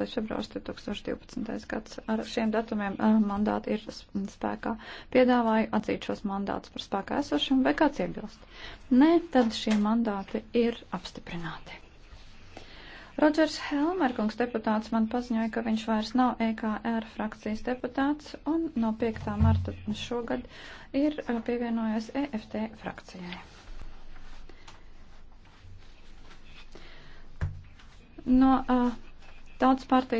līdz februārs 2012. gads. Ar šiem datumiem eh, mandāti ir spēkā. Piedāvāju atzīt šos mandātus par spēkā esošiem, vai kāds iebilst? Nē, tad šie mandāti ir apstiprināti. Rodžers Helmerkungs deputāts man paziņoja, ka viņš vairs nav EKR frakcijas deputāts un no 5. marta šogad ir eh, pievienojies EFT frakcijai. No uh, Tautas partijas.